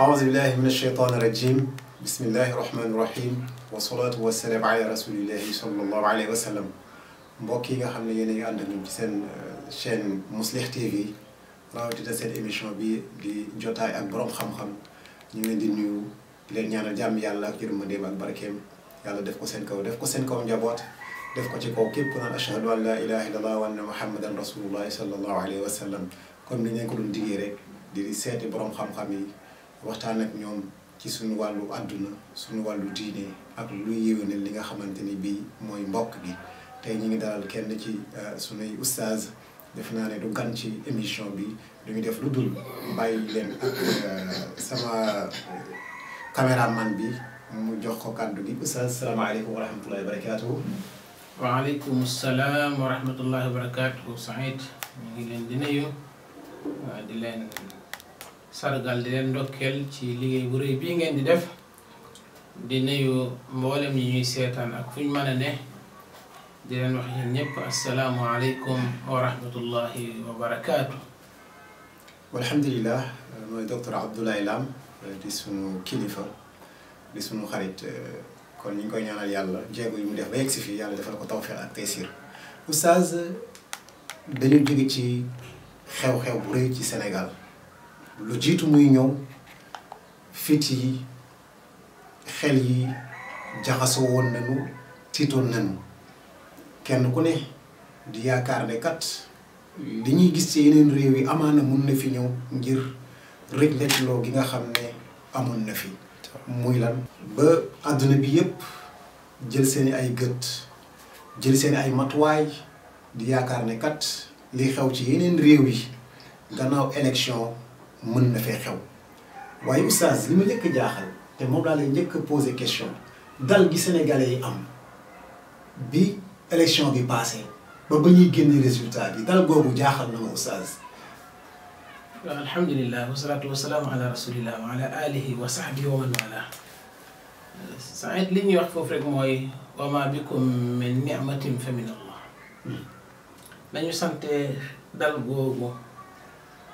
aousubillahi min asheytan irajim bismillahi rahmani rahim wasalaatu wasalaam ala rasulillahi salallahu alayhi wa sallam mbokk yi nga xam ne yéen a ngi ànd ak ñun ci seen euh, chaîne Mouslih TV rawatina seen émission bi di jotaay ak boroom xam-xam ñu ngi leen di nuyu di leen ñaanal jàmm yàlla ak yërmandeem ak barkeem yàlla def ko seen kaw def ko seen kaw njaboot def ko ci kaw képp naan ashhadu an laa ilaha illallah wa anna muhammadan rasulullahi salallahu alayhi wa sallam comme ni ñu ko doon digee rek di seeti boroom xam-xam yi waxtaan ak ñoom ci suñu wàllu àdduna suñu wàllu diine ak luy yéwénal li nga xamante ni bii mooy mbokk bi tey ñu ngi daal kenn ci euh, suñuy oustaz def naa ne du gan ci émission bi duñu def lu dul bàyyi leen ak euh, sama euh, caméraman bi mu jox ko kàddu gi oustaz salaamaaleykum wa rahmatullahi wa barakaatuhu waaleykum salaam wa rahmatullahi wa ñu ngi leen di nuyu di leen sargal di leen ndokkeel ci liggéey bu rëy bii ngeen di def di nuyu mboolem yi ñuy seetaan ak fuñ mën a ne di leen wax yéen ñëpp asalaamu aleykum wa rahmatullahi wa barakaatu. alhamdulilah mooy docteur Abdoulaye Lam di sunu kilifa di sunu xarit kon ñu ngi koy ñaanal yàlla jéego yi mu def ba yegg si fii yàlla defal ko tawfiq ak taysir oustaz dañu jóge ci xew-xew bu rëy ci senegal lu jiitu muy ñëw fit yi xel yi jaxasoo woon nañu tiitoon nañu kenn ku ne di yaakaar ne kat li ñuy gis ci yeneen réew yi amaana mun na fi ñëw ngir rëj gi nga xam ne amoon na fi muy lan ba àdduna bi yépp jël seeni ay gët jël seeni ay matuwaay di yaakaar ne kat li xew ci yeneen réew yi gannaaw élection mën na fee xew waaye oustaz li ma njëkk jaaxal te moom laa lay njëkk a posé question dal gi sénégalais yi am bi élection bi passé ba ba ñuy génne résultat bi dal googu jaaxal na ma oustaz. waaw alhamdulilah wasalaatu wasalaamu ala rasulillah wa ala alihi wa foofu rek mooy ma bikum min ni'matin fa min allah hmm. nañu sante dal googu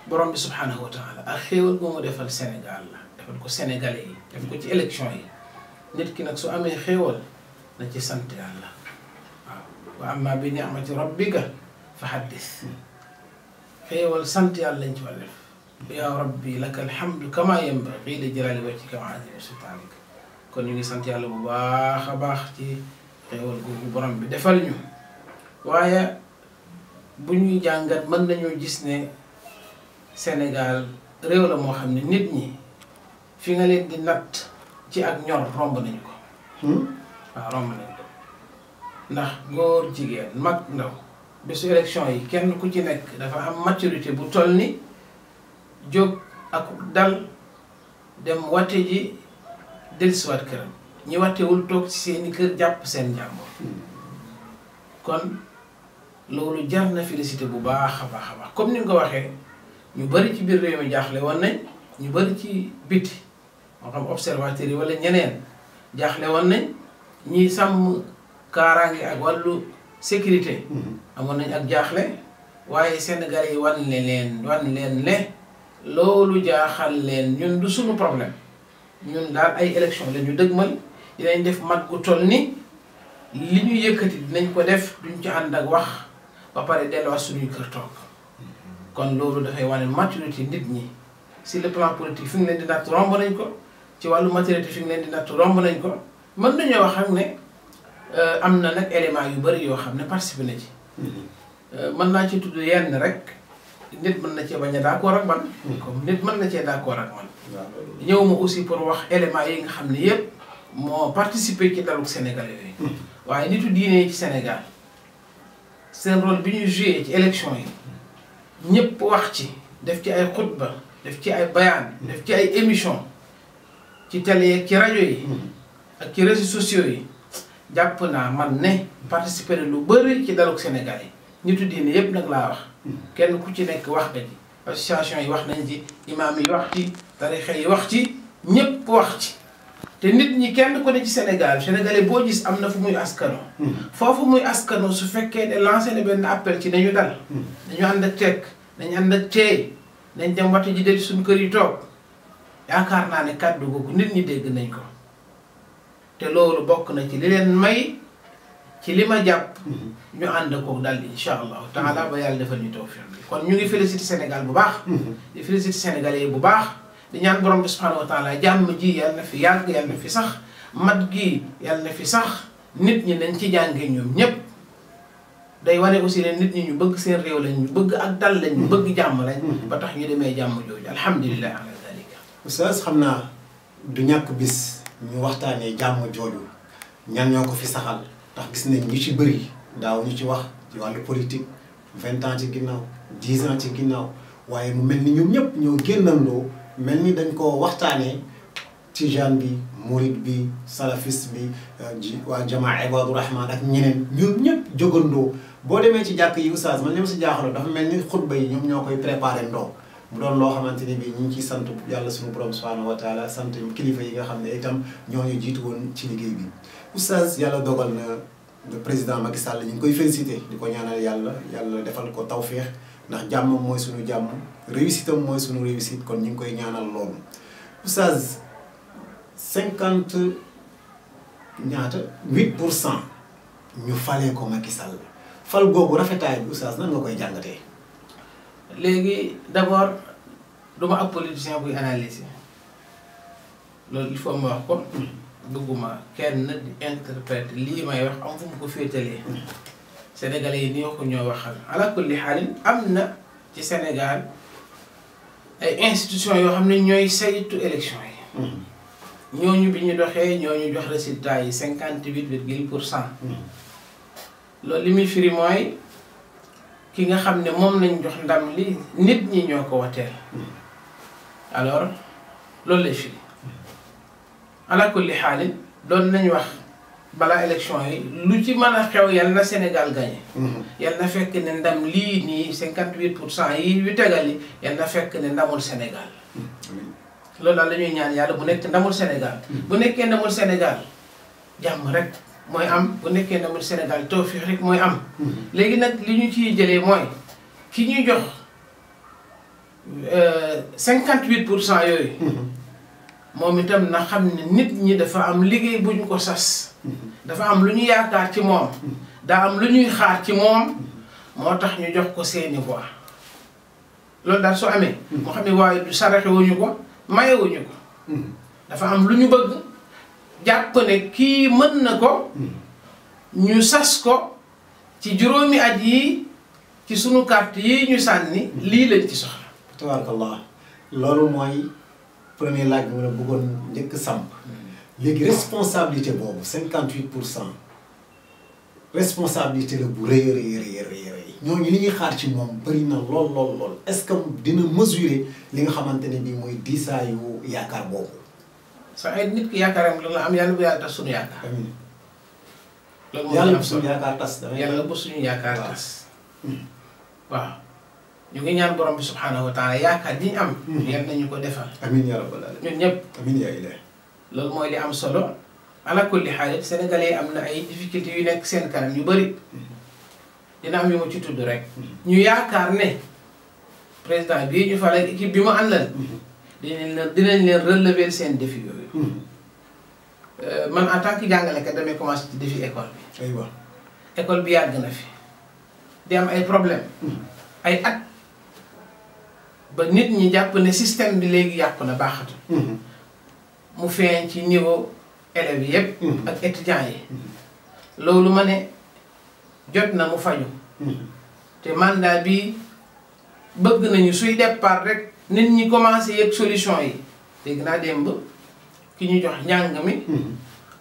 borom bi subhanahu wa ak xéewal boo defal Sénégal la defal ko sénégalais yi def ko ci élection yi nit ki nag su amee xéewal na ci sant yàlla waaw wa amma bi ni'mati rabbika fa haddis xéewal sant lañ ci war a def yaa rabbi laka alhamdu kama kon ñu ngi sant yàlla bu baax a baax ci xéewal googu borom bi defal ñu waaye bu ñuy jàngat mën nañoo gis ne Sénégal réew la moo xam ne nit ñi fi nga leen di natt ci ak ñor romb nañu ko. Hmm? waaw romb nañu ko ndax góor jigéen mag ndaw bésu élection yi kenn ku ci nekk dafa am maturité bu toll ni jóg ak dal dem wate ji dellusiwaat këram. ñi watewul toog ci seeni kër jàpp seen jàmbur hmm. kon loolu jar na félicité bu baax a baax comme ni nga ko waxee. ñu bëri ci biir réew mi jaaxle woon nañ ñu bëri ci biti moo xam observateur yi wala ñeneen jaaxle wan nañ ñi sàmm kaaraange ak wàllu sécurité. Mm-hmm. amoon nañ ak jaaxle waaye Sénégal yi wan leen wan leen ne loolu jaaxal leen ñun du suñu problème ñun daal ay élection la ñu dëgmal dinañ def mat gu toll ni li ñu yëkkati dinañ ko def duñ ci ànd ak wax ba pare delluwaat suñuy kër toog. kon loolu dafay wane maturité nit ñi si le plan politique fi ñu leen di natt romb nañ ko ci wàllu maturité fi ñu leen di natt romb nañ ko mën nañoo xam ak ne euh, am na nag élément yu bëri yoo xam ne participé na ci. Euh, mën naa ci tudd yenn rek nit mën na cee bañ a ak man. comme nit mën na cee d'accord ak man. ñëw ma aussi pour wax élément yi nga xam ne yëpp moo participé ci daluk Sénégal yooyu. Hmm. waaye nitu diine ci Sénégal seen rôle bi ñu joué ci élection yi. ñëpp wax ci def ci ay xutba def ci ay bayaan def ci ay émission ci télé ci rajo yi hmm. ak ci réseaux sociaux yi jàpp naa man ne participer lu bëri ci daluk Sénégal yi ñu tuddee ne yëpp nag laa wax hmm. kenn ku ci nekk wax nga ci association yi wax na nañ ci imaam yi wax ci tarixa yi wax ci ñëpp wax ci te nit ñi kenn ku ne ci Sénégal sénégalais boo gis am na fu muy askano hmm. foofu muy askano su fekkee ne lancé na benn appel ci nañu dal hmm. nañu ànd ak tekk nañu ànd ak teey nañ dem watu ji del suñu kër yi toog yaakaar naa ne kàddu boobu nit ñi dégg nañ ko te loolu bokk na ci li leen may ci li ma jàpp hmm. ñu ànd ko dal incha allahu taala ba yàlla defal ñu tawfiq kon ñu ngi félicité Sénégal bu baax di félicité sénégalais bu baax di ñaan borom bi subhaanahu wa jàmm ji yàlla na fi yàgg yàlla na fi sax mat gi yàlla na fi sax nit ñi dañ ci jàngee ñoom ñëpp day wane aussi nit ñi ñu bëgg seen réew lañ ñu bëgg ak dal lañ ñu mm-hmm. bëgg jàmm lañ mm-hmm. ba tax ñu demee jàmm jooju alhamdulilah ala dalika oustaz xam naa du ñàkk bis ñu waxtaanee jàmm jooju ñan ñoo ko fi saxal ndax gis nañ ñu ci bëri daaw ñu ci wax ci wàllu politique vingt ans ci ginnaaw dix ans ci ginnaaw waaye mu mel ni ñoom ñëpp ñoo génnandoo mel ni dañ ko waxtaanee tijaan bi murid bi salafis bi euh, ji waa jamaa ibadu rahman ak ñeneen ñoom ñëpp jógandoo boo demee ci jàkk yi oustaz man mu si jaaxalo dafa mel ni xutba yi ñoom ñoo koy préparé ndoo mu doon loo xamante ni bi ñu ngi ciy sant yàlla suñu borom subhanahu wa taala sant kilifa yi nga xam ne itam ñooñu jiitu woon ci liggéey bi oustaz yàlla dogal na président Macky Sall ñu ngi koy félicité di ko ñaanal yàlla yàlla defal ko tawféex ndax jàmmam mooy suñu jàmm réussite am mooy suñu réussite kon ñu ngi koy ñaanal loolu oustaz cinquante ñaata huit pour cent ñu falee ko Macky Sall fal googu rafetaay bi oustaz nan nga koy jàngatee. léegi d'abord du ma ab politicien buy analyser loolu il faut ma wax ko. Hmm. dugguma kenn di interpréter lii may wax am fu mu ko féetalee. Hmm. sénégalais yi ñoo ko ñoo waxal ala kulli xaalin am na ci Sénégal ay institutions yoo xam ne ñooy saytu élection yi. Mm-hmm. ñooñu bi ñu doxee ñooñu jox résultat yi cinquante huit virgule pour cent. Mm-hmm. loolu li muy firi mooy ki nga xam ne moom lañ jox ndam li nit ñi ñoo ko wateel. Mm-hmm. alors loolu lay firi. ala kulli xaalin doon nañ wax. balaa élection yi lu ci mën a xew yal na Sénégal gagné. Mhm. yal na fekk ne ndam lii nii cinquante huit pour cent yi yu tegal yi yal na fekk ne ndamul Sénégal. loolu daal la ñuy ñaan yàlla bu nekk ndamul Sénégal. Mhm. bu nekkee ndamul Sénégal jàmm rek mooy am bu nekkee ndamul Sénégal tawfiix rek mooy am. Mhm. léegi nag li ñu ci jëlee mooy ki ñuy jox euh, cinquante huit pour cent yooyu. moom itam na xam ne nit ñi dafa am liggéey bu ñu ko sas dafa am lu ñu yaakaar ci moom daa am lu ñuy xaar ci moom moo tax ñu jox ko seeni voix loolu daal su amee moo xam ne waaye du saraxe wuñu ko mayewuñu ko dafa am lu ñu bëgg jàpp ne kii mën na ko ñu sas ko ci juróomi at yi ci sunu carte yi ñu sànni lii lañ ci soxla tabarakallah loolu mooy premier laaj bi ma la bëggoon njëkk samp hmm. léegi responsabilité boobu cinquante huit pour cent responsabilité la bu rëy rëy rëy rëy rëy li ñuy xaar ci moom bëri na lool lool est-ce que dina mesurer li nga xamante ne bii mooy diisaayu yaakaar boobu sa ay nit ki yaakaaram la am yàlla bu yàlla tas suñu yaakaar amiin loolu yàlla tas suñu yaakaar tas waaw ñu ngi ñaan borom bi subhaanahu wa taala yaakaar ji ñu am. Mm-hmm. yal nañu ko defal. amiin yaa rabbal la ñun ñëpp. amiin yaa ilaahi loolu mooy li am solo ala kulli xaalis sénégalais yi am na ay difficultés yu nekk seen kanam yu bëri mm-hmm. dina am yu ma ci tudd rek. Mm-hmm. ñu yaakaar ne président bii ñu faral équipe bi mu àndal. dinañ leen dinañ leen relever seen défi yooyu. Euh, man en tant que jàngalekat damay commencé ci défi école bi. aywa école bi yàgg na fi. di am ay problème ay at. ba nit ñi jàpp ne système bi léegi yàqu na baaxatu mm-hmm. mu feeñ ci niveau élèves yépp mm-hmm. ak étudiants yi mm-hmm. loolu ma ne jot na mu faju te mandat bi bëgg nañu suy départ rek nit ñi commencé yëg solution yi dégg naa démb ki ñu jox njàng mi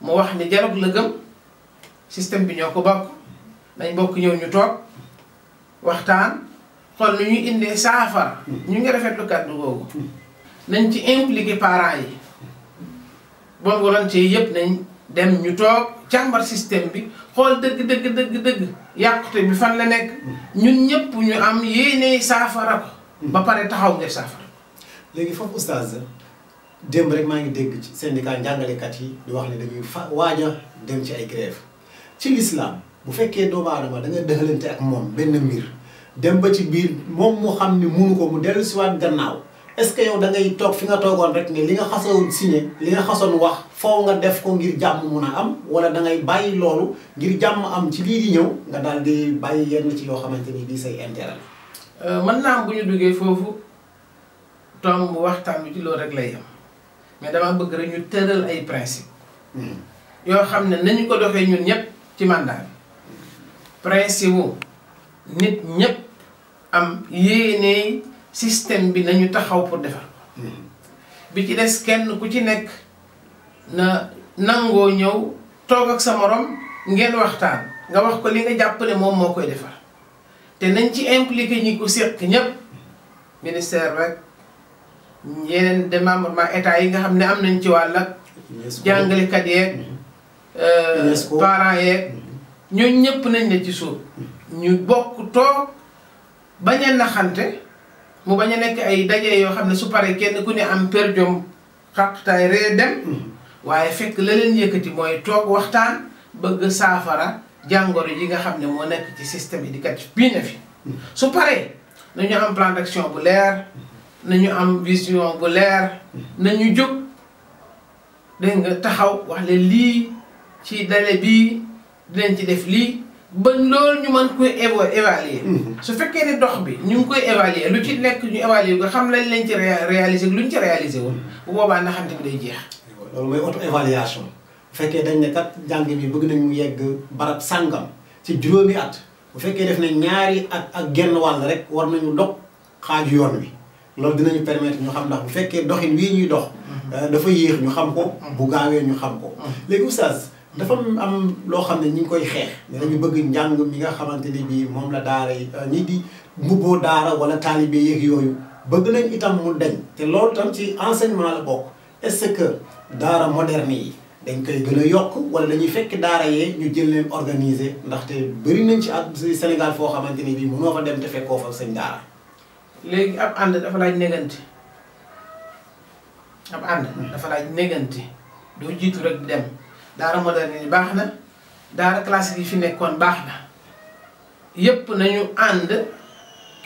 mu wax ni dialogue la gëm système bi ñoo ko bokk dañ bokk ñëw ñu toog waxtaan kon nu ñuy indee saafara. ñu ngi rafetlu kàddu googu. nañ ci impliqué parents yi. bon ci yëpp nañ dem ñu toog càmbar système bi xool dëgg dëgg dëgg dëgg yàqute bi fan la nekk. ñun ñëpp ñu am yéene saafara ko. ba pare taxaw ngir saafara. léegi foofu oustaz démb rek maa ngi dégg ci seen syndicat njàngalekat yi di wax ne dañuy fa waaj dem ci ay grève ci lislaam bu fekkee doomu aadama da nga dëxalante ak moom benn mbir. dem ba ci biir moom mu xam ni munu ko mu dellu siwaat gannaaw est-ce que yow da ngay toog fi nga toogoon rek ne li nga xasoon signé li nga xasoon wax foo nga def ko ngir jàmm mun a am wala da ngay bàyyi loolu ngir jàmm am ci lii ñëw nga daal di bàyyi yenn ci yoo xamante ni bii say intérêt la. Euh, mën naa am bu ñu duggee foofu tomb waxtaan bi ci loolu rek lay am mais damaa bëgg rek ñu tëral ay principe hmm. yoo xam ne nañu ko doxee ñun ñëpp ci man bi principe wu nit ñëpp. am yéene système bi nañu taxaw pour defar ko hmm. bi ci des kenn ku ci nekk na nangoo ñëw toog ak sa morom ngeen waxtaan nga wax ko li nga jàpp ne moom moo koy defar te nañ ci impliqué ñi ko séq ñépp ministère rek yeneen démembrement état yi nga xam ne am nañ ci wàll ak jàngalekat yeeg hmm. euh, parents yeeg hmm. ñooñ ñëpp nañ ne ci suuf ñu bokk toog bañ a naxante mu bañ a nekk ay daje yoo xam ne su paree kenn ku ne am per jom xaqtaay ree dem mm-hmm. waaye fekk la leen yëkkati mooy toog waxtaan bëgg saafara jàngoro yi nga xam ne moo nekk ci système éducatif bii na fi mm-hmm. su paree nañu am plan bu leer mm-hmm. nañu am vision bu leer nañu jóg dégg nga taxaw wax le lii ci dale bii dinañ ci def lii ba loolu ñu man koy évo évaluer. Mhm. su fekkee ne dox bi ñu ngi koy évaluer lu ci nekk ñu évaluer ko xam lañ lañ ci réaliser lu ñu ci réaliser woon bu boobaa na xam tamit day jeex. loolu mooy auto évaluation bu fekkee dañ ne kat jàng bi bëgg nañ mu yegg barab sàngam ci juróomi at bu fekkee def na ñaari at ak genn wàll rek war ñu dog xaaju yoon wi loolu dinañu permetre ñu xam ndax bu fekkee doxin wii ñuy dox. Mhm. Euh, dafa yéex ñu xam ko. Mhm. bu gaawee ñu xam ko. léegi dafa am loo xam ne ñu ngi koy xeex ne ñu bëgg njàng mi nga xamante ni bii moom la daara yi euh, ñi di mbubboo daara wala taalibe yëg yooyu bëgg nañ itam mu dem te loolu tam ci enseignement la bokk est-ce que daara moderne yi dañ koy gën a yokk wala dañuy fekk daara yee ñu jël leen organiser ndaxte bëri nañ ci ak Sénégal foo xamante ni bii mënoo fa dem te fekkoo fa seen daara léegi ab ànd dafa laaj négante ab ànd dafa laaj négante doo jiitu rek dem daara moderne yi baax na daara classique yi fi nekkoon baax na yépp nañu ànd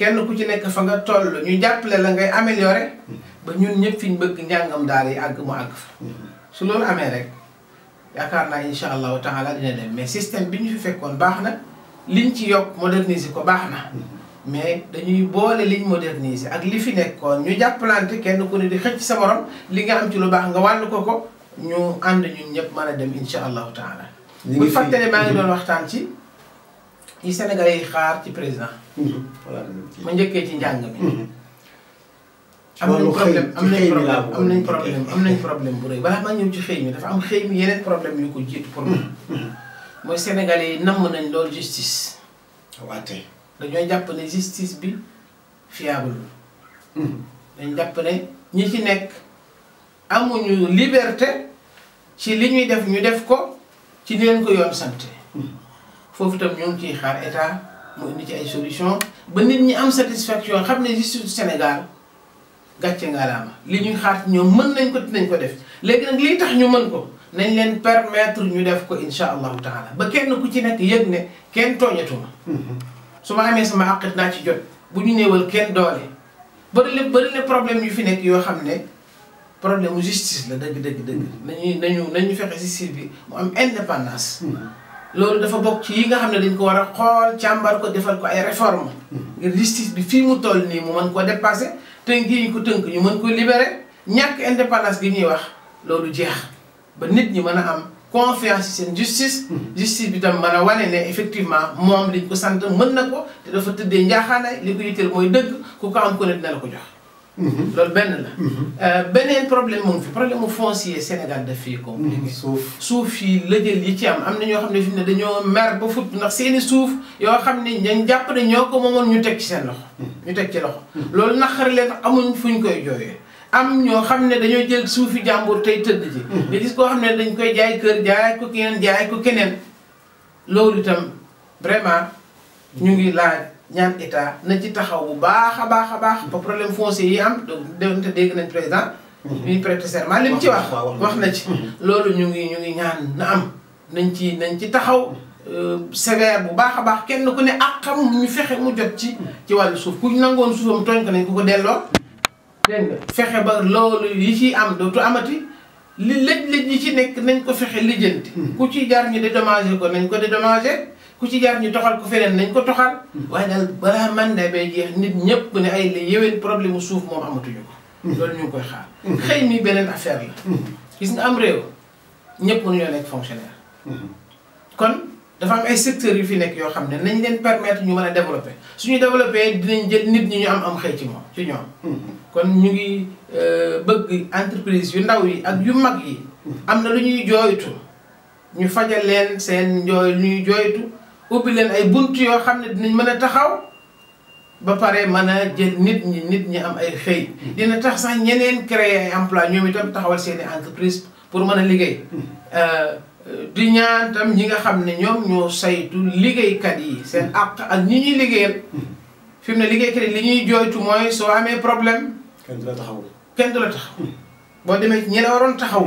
kenn ku ci nekk fa nga toll ñu jàppale la ngay améliorer ba ñun ñëpp fi ñu bëgg njàngam daara yi àgg mu àgg fa su loolu amee rek yaakaar naa incha allahu taala dina dem mais système bi ñu fi fekkoon baax na liñ ci yokk moderniser ko baax na mais dañuy boole liñ moderniser ak li fi nekkoon ñu jàppalante kenn ku ne di xëcc sa morom li nga am ci lu baax nga wàll ko ko ñu ànd ñu ñëpp mën a dem incha allahu taala. bu fàttali maa ngi doon waxtaan ci yi Sénégalais yi xaar ci président. ma njëkkee ci njàng mi. am nañ problème am nañ problème am nañ am nañ problème bu rëy balaa maa ñëw ci xëy mi dafa am xëy mi yeneen problème yu ko jiitu pour mooy sénégalais yi namm nañ loolu justice. waaw tey dañoo jàpp ne justice bi fiable dañ jàpp ne ñi ci nekk amuñu liberté. ci li ñuy def ñu def ko ci ni leen ko yoon sant foofu tam ñoo ngi ciy xaar état mu indi ci ay solution ba nit ñi am satisfaction xam ne justice du Sénégal gàcce ngaalaama li ñuy xaar ñoom mën nañ ko dinañ ko def léegi nag lii tax ñu mën ko nañ leen permettre ñu def ko insha allahu taala ba kenn ku ci nekk yëg ne kenn tooñatuma su ma amee sama àqit naa ci jot bu ñu néewal kenn doole ba na bëri na problème yu fi nekk yoo xam ne problème mu justice la dëgg dëgg dëgg. nañu nañu nañu justice bi mu am indépendance. Hmm. loolu dafa bokk ci yi nga xam ne dañ ko war a xool càmbar ko defal ko ay réforme hmm. ngir justice bi fii mu toll nii mu mën koo dépassé tënk yi ñu ko tënk ñu mën koo libéré ñàkk indépendance gi ñuy wax loolu jeex ba nit ñi mën a am confiance seen justice. Hmm. justice bi tam mën a wane ne effectivement moom liñ ko sant mën na ko te dafa tëddee njaaxaanaay li ko yitteel mooy dëgg ku ko am ku ko jox. Mhm. loolu benn la. Mhm. Euh, beneen problème moom fi problème mu foncier Sénégal daf fii compliqué. Mhm, suuf suuf yi lëjël yi ci am am na ñoo xam ne ne dañoo mer ba fut ndax seeni suuf yoo xam ne dañ jàpp ne ñoo ko moomoon ñu teg ci seen loxo. ñu teg ci loxo. loolu naqari leen amuñ fuñ koy jooyee. am ñoo xam ne dañoo jël suuf suufi jàmbur tey tëdd ji. nga gis koo xam ne dañ koy jaay kër jaay ko keneen jaay ko keneen. loolu itam vraiment ñu ngi laa ñaan état na ci taxaw bu baax a baax a baax. ba problème foncier yi am donte dégg nañ président. Mhm. ñuy prêter serment li mu ci wax. wax na ci mhm. loolu ñu ngi ñu ngi ñaan na am nañ ci nañ ci taxaw. Mhm. Euh, sévère bu baax a baax kenn ku ne ak xam ñu fexe mu jot ci ci wàll suuf ku nangoon suufam tooñ ko nañ ko delloo dégg fexe ba loolu yi ciy am dootu amati li lëj-lëj yi ci nekk nañ ko fexe lijjanti ku ciy jaar ñu dédommagé ko nañ ko dédommagé ku ci jaar ñu toxal ku feneen nañ ko toxal waaye daal balaa mandat bay jeex nit ñëpp ne ay la yéwén problème mu suuf moom amatuñu ko loolu ñu ngi koy xaar xëy mi beneen affaire la gis nga am réew ñëpp mënuñoo nekk kon dafa am secteurs yu fi nekk yoo xam ne nañ leen permettre ñu mën a développer suñu développer dinañ jël nit ñi ñu am am xëy ci moom ci ñoom kon ñu ngi euh, bëgg entreprise yu ndaw yi ak yu mag yi am na lu ñuy jooytu ñu fajal leen seen njooy lu ñuy jooytu ubbi leen ay bunt yoo xam ne dinañ mën a taxaw ba pare mën a jël nit ñi nit ñi am ay xëy. Mm-hmm. dina tax sax ñeneen créer ay emploi ñoom itam taxawal seeni entreprise pour mën a liggéey. Mm-hmm. Euh, di ñaan tam ñi nga xam ne ñoom ñoo saytu liggéeykat yi seen mm-hmm. àq ak ñi ñuy liggéeyal. fi ne liggéeykat yi li ñuy jooytu mooy soo amee problème. kenn du la taxaw kenn du la taxaw. boo demee ñi waroon taxaw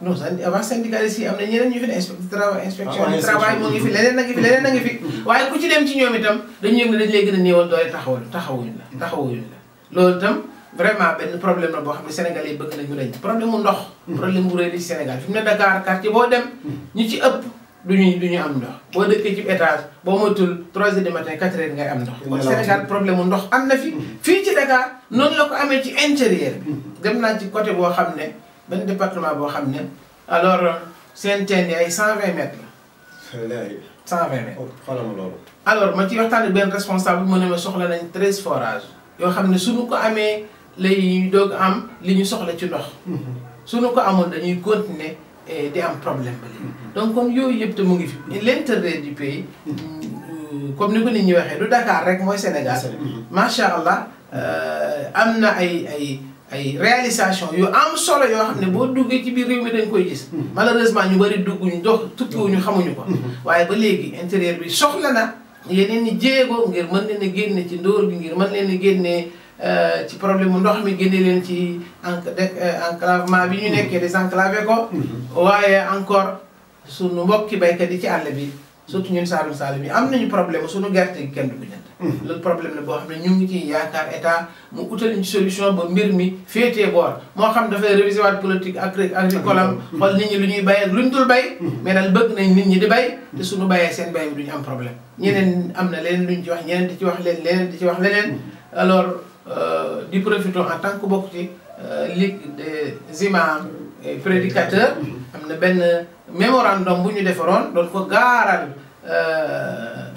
non avant ah, syndicaliste yi am na ñeneen ñu fi ne inspection du ah, travail moo ngi fi a ngi fi leneen a ngi fi mm-hmm. waaye ku ci dem ci ñoom itam dañu yëg dañ lay gën a néewal doole mm-hmm. loolu itam vraiment benn problème la boo xam ne sénégalais yi bëgg nañu dañ problème mu ndox mm-hmm. problème bu réy ci Sénégal fi mu ne Dakar boo dem ñu ci ëpp duñu du ñu am ndox boo dëkkee ci étage boo moytul trois heures du matin quatre heures ngay am ndox kon Sénégal problème mu ndox am na fi fii ci Dakar noonu la ko amee ci intérieur dem naa ci côté boo xam ne benn département boo xam ne alors euh, seen teen yi ay cent vingt mètres la. cent oh, ma loolu. alors ma ci waxtaan ak benn responsable mu ne ma soxla nañ treize forages yoo xam ne su suñu ko amee lay doog am li ñu soxla ci ndox. Mhm. suñu ko amoon dañuy continuer eh, di am problème ba léegi. Mhm. donc comme yooyu yëpp te mu ngi fi. Mhm. l'intérêt du pays. Euh, comme ni ko nit ñi waxee du Dakar rek mooy Sénégal. macha allah euh, am na ay ay. ay réalisation yu am solo yoo xam ne boo duggee ci biir réew mi dañ koy gis. Hmm. malheureusement ñu bari dugguñu dox tukkiwuñu xamuñu ko. Hmm. waaye ba léegi intérieur bi soxla na yeneen i jéego ngir mën leen a génne ci ndóor bi ngir mën leen a génne euh, ci problème mu ndox mi génne leen ci euh, enclavement bi ñu hmm. nekkee désenclavé ko. waaye encore sunu mbokki baykat yi ci àll bi. surtout ñun Saalum Saalum yi am nañu problème suñu gerte gi kenn du ko hmm. loolu problème la boo xam ne ñu ngi ciy yaakaar état mu utal ñu solution ba mbir mi féetee boor moo xam dafay réviser waat politique agri agricole hmm. nit ñi lu ñuy bay ak lu ñu dul bay. Hmm. mais daal bëgg nañ nit ñi di bay. te suñu bayee seen bay bi duñu am problème. ñeneen am na leneen luñ ci wax ñeneen di ci wax leen leneen di ci wax leneen. alors euh, di profiter en tant que bokk ci euh, ligue des imams. Eh, prédicateur am na benn mémorandum bu ñu defaroon doon ko gaaral euh,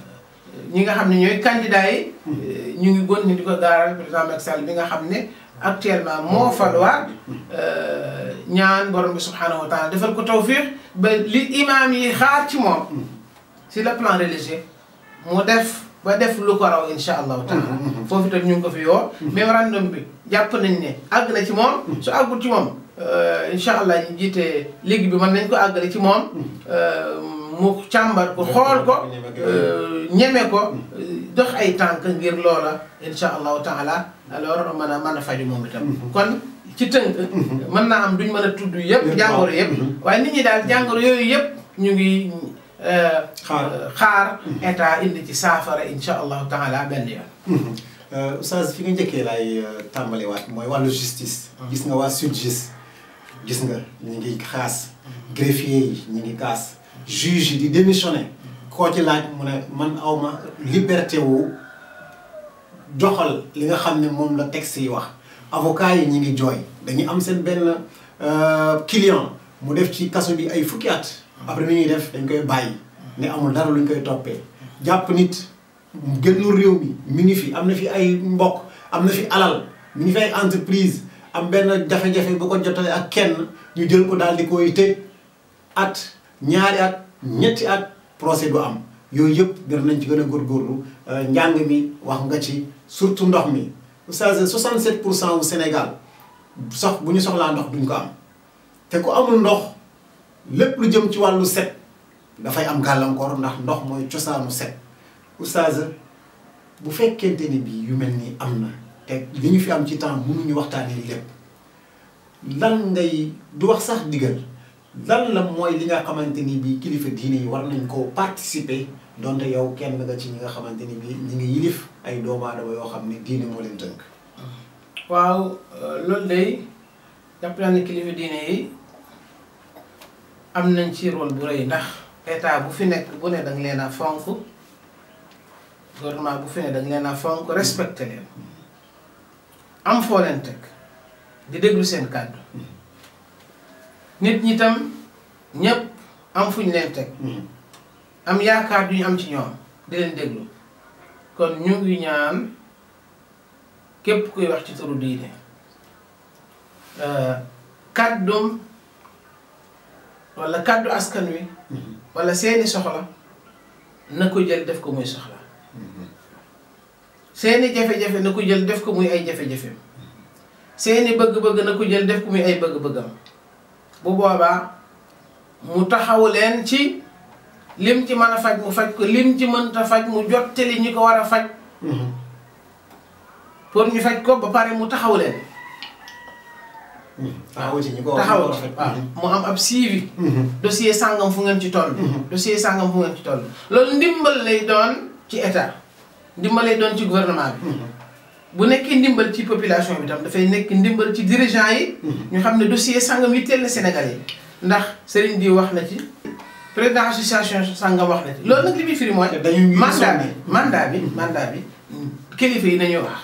ñi nga xam ne ñooy candidats yi eh, ñu ngi gon ni di ko gaaral président Macky bi nga xam ne actuellement moo falwaat euh, ñaan borom bi subhanahu wa taala defal ko tawfiq ba li imaam yi xaar ci moom si le plan religieux mu def ba def lu ko raw insha allahu taala mm-hmm. foofu itam ñu ngi ko fi yoo mm-hmm. mémorandum bi jàpp nañ ne àgg na ci moom su àggul ci moom Euh, incha allah ñu jiite léegi bi mën nañ ko àggale ci moom euh, mu càmbar bu xool ko euh, ñeme ko dox ay tànk ngir loola incha allahu taala alors mën a mën a faju moom itam mm-hmm. kon ci tënk mm-hmm. mën naa am duñ mën a tudd yëpp mm-hmm. jàngoro yëpp waaye nit ñi daal jàngoro yooyu yëpp ñu ngi xaar état indi ci saafara incha allahu taala benn yoon oustaz fi nga njëkkee laay tàmbaliwaat mooy wàllu justice gis nga waa sudjust gis nga ñu ngi xaas greffier yi ñu ngi kaas juge yi di démissionné koo ci laaj mu ne man awma liberté wu joxal li nga xam ne moom la texte si wax avocat yi ñu ngi jooy dañuy am seen benn euh, client mu def ci kaso bi ay fukki at après mi ñuy def dañ koy bàyyi ne amul dara luñ koy toppee jàpp nit génnul réew mi mi ngi fi am na fi ay mbokk am na fi alal mi ngi fi ay entreprise am benn jafe-jafe bu ko jotale ak kenn ñu jël ko daal di koy tëj at ñaari at ñetti at procès du am yooyu yëpp gën nañ ci gën a góorgóorlu euh, njàng mi wax nga ci surtout ndox mi oustaz 67 pour cent wu Sénégal sox bu ñu soxlaa ndox duñ ko am te ku amul ndox lépp lu jëm ci wàllu set dafay am gàllankoor ndax ndox mooy cosaanu set oustaz bu fekkee ni bii yu mel nii am na te li ñu fi am ci temps mënuñu waxtaanee lépp lan ngay du wax sax digal lan la mooy li nga xamante ni bii kilifa diine yi war nañ koo participer donte yow kenn nga ci ñi nga xamante ni bii ñi ngi yilif ay doomu aadama yoo xam ne diine moo leen tënk. waaw loolu day jàpp naa ne kilifa diine yi am nañ ci rôle bu rëy ndax état bu fi nekk bu ne da leen a fonk gouvernement bu fi ne da leen a fonk respecté leen. am foo leen teg di déglu seen kàddu nit ñi tam ñëpp am fuñ leen teg am yaakaar yu ñu am ci ñoom di leen déglu kon ñu ngi ñaan képp kuy wax ci turu diine euh, kàddum wala kàddu askan wi mm-hmm. wala seeni soxla na ko jël def ko muy soxla seeni jafe-jafe na ko jël def ko muy ay jafe-jafeem seeni bëgg-bëgg na ko jël def ko muy ay bëgg-bëggam bu boobaa mu taxaw leen ci lim ci mën a faj mu faj ko lim ci mënta faj mu jottali ñi ko war a faj mhm. pour ñu faj ko ba pare mu taxaw leen mhm. taxaw ci ñi ko taxaw waaw mhm. mu am ab suivi dossier sàngam fu ngeen ci toll dossier sàngam fu ngeen ci toll loolu ndimbal lay doon ci état ndimbalee doon ci gouvernement bi. Mhm. bu nekkee ndimbal ci population bi tam dafay nekk ndimbal ci dirigeant yi. Mhm. ñu xam ne dossier sangam yi teel na Sénégal yi. ndax sëriñ di wax na ci président association sangam wax na ci loolu nag li muy firi mooy. mandat bi mandat bi mandat yi nañu wax.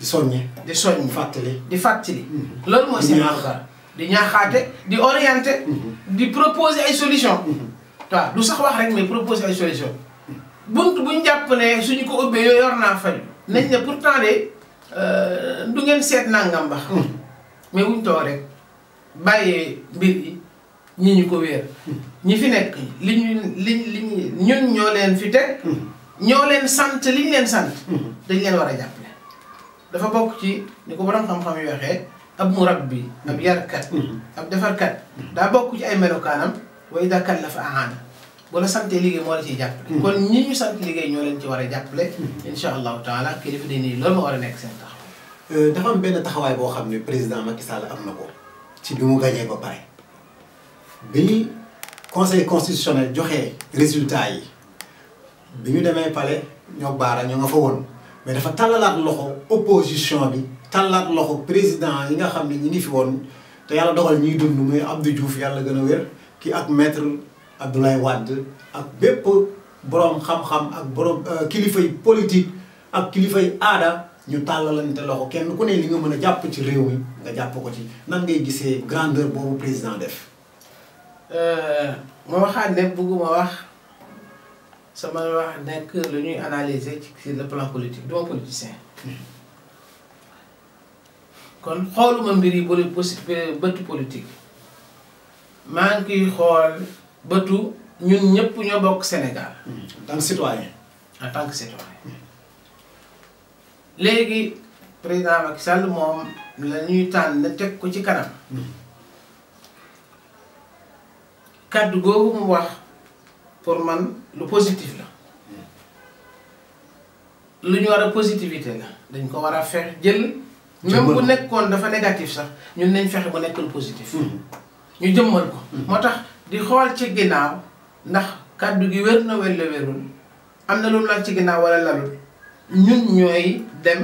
di soññi di soññi fàttali di fàttali. Mhm. loolu mooy seen mandat di ñaaxaate di orienté. di proposer ay solution waaw du sax wax rek mais proposer ay solution bunt buñ jàpp ne suñu ko ubbee yoo yor naa faju nañ ne pourtant de euh, du ngeen seet nangam ba xam wuñ too rek bàyyee mbir yi ñi ñu ko wéer ñi fi nekk li ñu li li ñun ñoo leen fi teg ñoo leen sant li leen sant dañ leen war a jàppale dafa bokk ci ni ko borom xam-xam yi waxee ab murabbi ab yarkat ab defarkat daa bokk ci ay melokaanam way dakal la fa aana bu la santee liggéey moo la ciy jàppale. Mm-hmm. kon ñi ñu sant liggéey ñoo leen ci war a jàppale. Mm-hmm. incha allahu taala kilifa dañuy nii loolu ma war a nekk seen taxawaay. Euh, dafa am benn taxawaay boo xam ne président Macky Sall am na ko. ci bi mu gagné ba pare. bi conseil joxe résultat yi bi ñu demee pale ñoo baara ñoo nga fa woon mais dafa tàllalaat loxo opposition bi tàllalaat loxo président yi nga xam ni ñu ngi fi woon te yàlla dogal ñuy dund muy Abdou Diouf yàlla gën a wér ki ak maître. Abdoulaye Wade ak bépp boroom xam-xam ak boroom euh, kilifay politique ak kilifay aada ñu tàllalante loxo kenn ku ne li nga mën a jàpp ci réew mi nga jàpp ko ci nan ngay gisee grandeur boobu président def. Euh, ma waxaat ne bëgguma wax sama wax nekk lu ñuy analyser ci sur le plan politique duma politicien. kon xooluma mbir yi bëtu politique maa ngi koy xool. bëtu ñun ñëpp ñoo bokk Sénégal. en citoyen. en tant que citoyen léegi président Macky Sall moom la ñuy tànn na teg ko ci kanam. kàddu googu mu wax pour man lu positif la. lu ñu war a positivité la dañ ko war a fex jël. même bu nekkoon dafa négatif sax ñun nañ fexe bu nekk lu positif. Hmm. ñu jëmmal ko hmm. moo tax. di xool ci ginnaaw ndax kàddu gi wér na wala wérul am na lu lal ci ginnaaw wala lalul ñun ñooy dem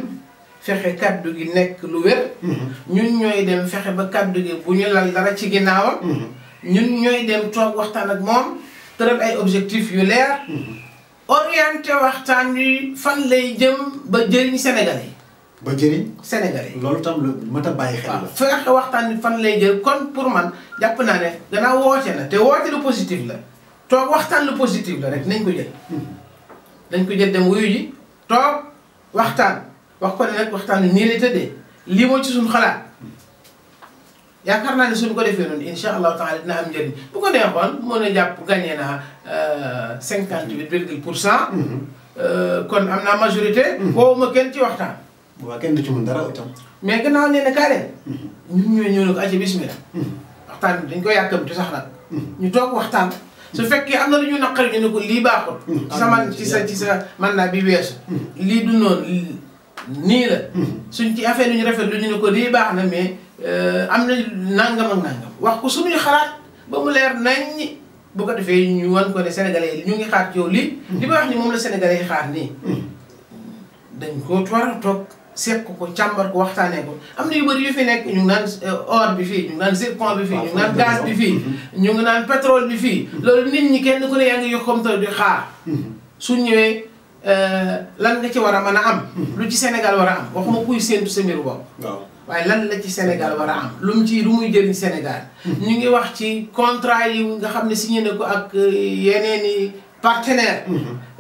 fexe kàddu gi nekk lu wér mm-hmm. ñun ñooy dem fexe ba kàddu gi bu ñu lal dara ci ginnaawam mm-hmm. ñun ñooy dem toog waxtaan ak moom tëral ay objectif yu leer mm-hmm. orienté waxtaan wi fan lay jëm ba jëriñ Sénégalais ba jëriñ Sénégalais yi loolu tam lu mat a bàyyi xel la. waxtaan bi fan lay jël kon pour man jàpp naa ne gannaaw woote na te woote lu positif la toog waxtaan lu positif la rek nañ ko jël. Hmm. nañ ko jël dem wuyu ji toog waxtaan wax ko ne nag waxtaan bi nii lay tëddee lii mooy ci suñu xalaat yaakaar naa ne suñ ko defee noonu incha allahu taala dina am njëriñ bu ko neexoon mën a jàpp gagné naa euh, cinquante huit virgule pour cent. Hmm. Euh, kon am naa majorité. Hmm. woowu ma kenn ci waxtaan. waaw kenn du ci mun dara itam. mais gannaaw nee na kaa leen. Mm-hmm. ñun ñoo ñëw ko ayca bismillah. Mm-hmm. waxtaan bi dañ ko yàkkamti sax nag. Mm-hmm. ñu toog waxtaan. su fekkee am na lu ñu naqari ñu ne ko lii baaxul. ci sa man ci sa sa man naa bi weesu. lii du noonu suñ ci affaire yi rafet lu ñu ne ko lii baax na mais euh, am na nangam ak wax ko suñuy xalaat ba mu leer naññi. bu ko defee ñu wan ko ne sénégalais yi ñu ngi xaar ci yow lii. li ma wax ni moom la sénégalais xaar nii. dañ koo war a toog. seq ko càmbar ko waxtaanee ko am na yu bëri fi nekk ñu ngi naan euh, or bi fii ñu ngi naan zircon bi fii ñu ngi naan gaz bi fii ñu ngi naan pétrole bi fii mm-hmm. loolu nit ñi kenn ku ne yaa ngi yokkamtoo di xaar mm-hmm. su ñëwee euh, lan nga ci war a mën a am mm-hmm. lu ci Sénégal war a am waxuma kuy séentu sa mbir waaye lan la ci Sénégal war a am lu mu ci lu muy jëriñ Sénégal ñu ngi wax ci contrat yi nga xam ne signé na ko ak euh, yeneen i partenaire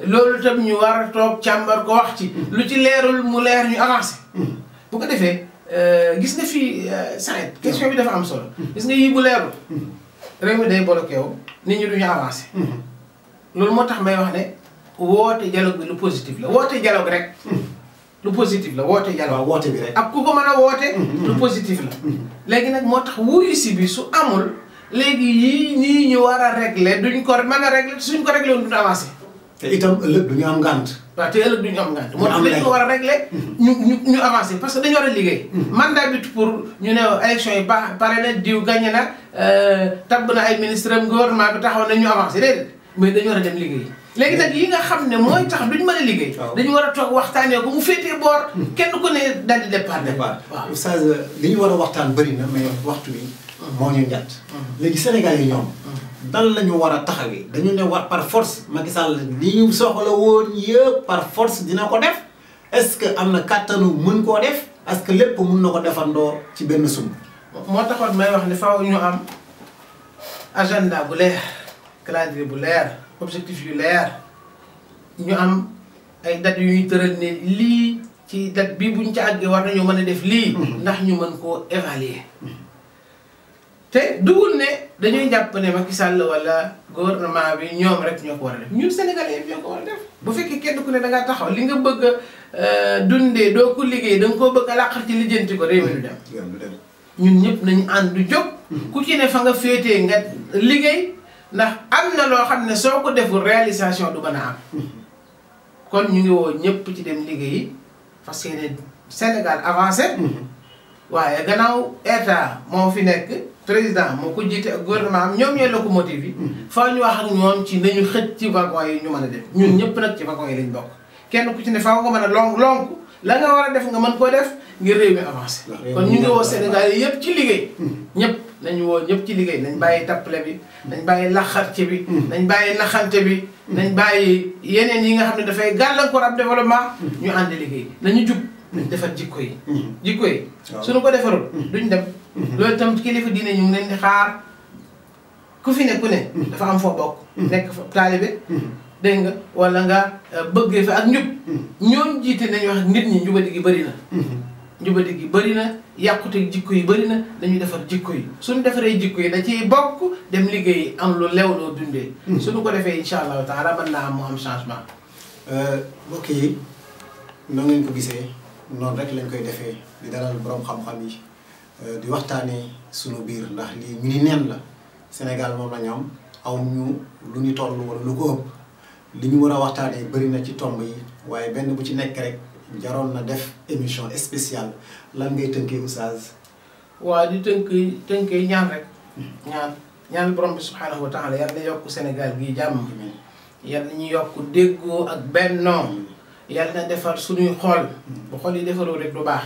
loolu tam ñu war a toog càmbar ko wax ci lu ci leerul mu leer ñu avancé hmm. bu ko defee euh, gis nga fii euh, Saïd hmm. question bi dafa am solo hmm. gis nga yii bu leerul réew mi day bloqué wu nit ñi duñu avancé loolu moo tax may wax ne woote dialogue bi lu positif la woote dialogue rek lu positif la woote dialogue waaw woote bi ak ku ko mën a woote lu positif la léegi nag moo tax wuyu bi su amul léegi yii nii ñu war a réglé duñ ko mën a réglé suñ ko réglé woon duñu avancé te itam ëllëg du ñu am ngànt. waaw te ëllëg du ñu am ngànt. moo tax dañ ko war a régler. Mm-hmm. ñu ñu ñu avancer parce que dañu war a liggéey. man mm-hmm. mandat bi pour ñu ne élection yi baax pare na diw gagné na euh, tabb na ay ministre am gouvernement bi taxaw na ñu avancer déedéet mais dañu war a dem liggéey. léegi nag yi nga xam ne mooy tax duñ mën a liggéey. dañu war a toog waxtaanee ko mu féetee boor. Mm-hmm. kenn ku ne daal di a départ waaw oustaz li ñu war a waxtaan bëri na mais waxtu bi. moo ñu ñett. Mm-hmm. léegi Sénégal yi ñoom. dan mm-hmm. la ñu war a taxawee dañu ne war par force Macky la li ñu soxla woon yëpp par force dina ko def est-ce que am na kàttanu mën koo def est-ce que lépp mun na ko defandoo ci benn sumb. moo taxoon may wax ni faaw ñu am agenda bu leer calendrier bu leer objectif yu leer ñu am ay date yu ñu tëral ne lii ci date bi buñ ci àggee war nañu mën a def lii. Mm-hmm. ndax ñu mën koo évaluer. te dugul ne dañuy jàpp ne ki sàll wala gouvernement bi ñoom rek ñoo ko war a def ñun sénégalais yëpp ñoo ko war a def bu fekkee kenn ku ne da ngaa taxaw li nga bëgg a euh, dundee doo ko liggéey da koo bëgg a làqar ci lijjanti ko réew mi du dem ñun ñëpp nañu ànd du jóg mhm. ku ci ne fa nga féetee nga liggéey ndax am na loo xam ne soo ko deful réalisation du bana am mhm. kon ñu ngi woo ñëpp ci dem liggéey parce que Sénégal avancé mhm. waaye gannaaw état moo fi nekk président moo ko jiite ak gouvernement am ñoom ñooy locomotive yi. Hmm. faaw ñu wax ak ñoom ci nañu xëj ci wagon yi ñu mën a def. ñun hmm. ñëpp nag ci wagon yi lañ bokk. kenn ku ci ne fa nga mën a lonk lonk la nga war a def nga mën koo def ngir réew mi ñu ngi woo Sénégal yi yëpp ci liggéey. Hmm. ñëpp nañu woo ñëpp ci liggéey nañ bàyyi tappale bi. nañ bàyyi laxarte bi. nañ bàyyi naxante bi. nañ bàyyi yeneen yi nga xam ne dafay gàllankoor ab développement. ñu ànd liggéey nañu jub. nañ defar jikko yi. jikko yi. suñu ko defarul duñ dem Mhm. loolu tam kilifa diine ñu ngi xaar ku fi ne ne. Mhm. dafa am foo bokk. Mhm. nekk fa taalibe. dégg nga wala nga euh, bëggee fa ak njub. ñoom jiite nañu wax nit ñi njubadi gi bëri na. njubadi gi bëri na yàqute jikko yi bëri na dañuy defar jikko yi suñu defaree jikko yi da ciy bokk dem liggéey am lu lew loo dundee. suñu ko defee incha allah taala mën naa am mu am changement. Euh, mbokk yi noonu lañ ko gisee noonu rek lañ koy defee di dalal borom xam-xam yi. Euh, di waxtaanee sunu biir ndax lii ñu ni neen la Sénégal moom la ñu aw ñu lu ñu toll wala lu ko ëpp li ñu war a waxtaanee bëri na ci tomb yi waaye benn bu ci nekk rek jaroon na def émission spéciale lan ngay tënkee oustaz. waaw di tënk tënkee ñaan rek. Hmm. ñaan ñaan borom bi subhaanahu wa taala yàlla yokk Sénégal gii jàmm. yàlla ñu yokk déggoo ak benn noom hmm. na defar suñuy xool hmm. bu xol yi defaroo rek du baax.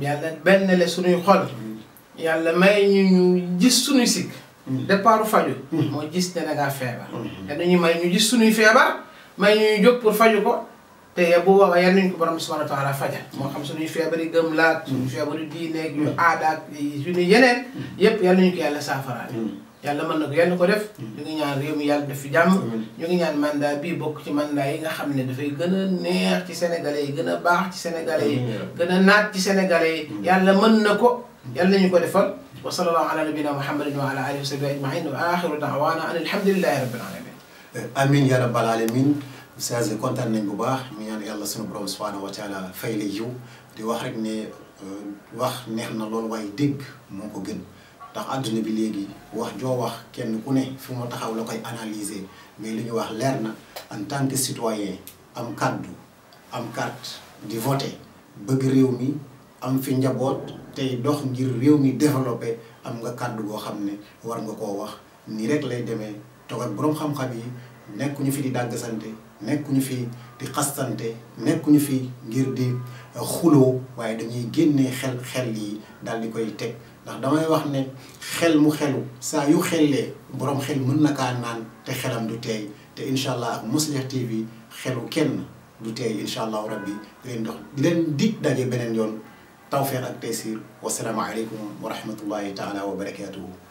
yàlla benn le suñuy xol yàlla may ñu ñu gis suñuy sikk mm-hmm. départu faju mm-hmm. moo gis ne a feebar mm-hmm. ñu may ñu gis suñuy feebar may ñu jóg pour faju ko te bu boobaa yal nañu ko borom subhanahu wa taala fajal moo xam suñuy feebar yi gëm laat suñu feebar yi diineeg yu aadaak yu ni yeneen yépp yal nañu ko yàlla saafaraale yàlla mën na ko yàlla ko def mm. ñu ngi ñaan réew yàlla def fi jàmm ñu ngi ñaan mandat bii bokk ci mandat yi nga xam ne dafay gën a neex ci sénégalais yi gën a baax ci sénégalais yi gën a naat ci sénégalais yi mm. yàlla mën na ko yàlla nañu ko defal wa sallallahu ala nabina muhammadin wa ala alihi wa sahbihi ajmain wa axiru daawana an alhamdulilahi rabbil alamin eh, amin ya rabbal alamin sage kontaan nañ bu baax ñu ñaan yàlla suñu borom subhanahu wa taala fay la yiw di wax rek ne euh, wax neex na loolu waaye dégg moo ko gën tax àdduna bi léegi wax joo wax kenn ku ne fi mu taxaw la koy analyser mais li ñu wax leer na en tant que citoyen am kàddu am carte di voter bëgg réew mi am fi njaboot tey dox ngir réew mi développé am nga kàddu goo xam ne war nga koo wax nii rek lay demee toog boroom xam-xam yi nekkuñu fi di dàggsante nekkuñu fi di xastante nekkuñu fi ngir di xuloo waaye dañuy génne xel xel yi daal di koy teg ndax damay wax ne xel mu xelu saa yu xellee borom xel mën na kaa naan te xelam du teey te incha allah ak Mouslih TV xelu kenn du teey incha allahu rabbi di leen dox di leen dig daje beneen yoon tawfeex ak taysiir wasalaamu aleykum wa rahmatullahi taala wa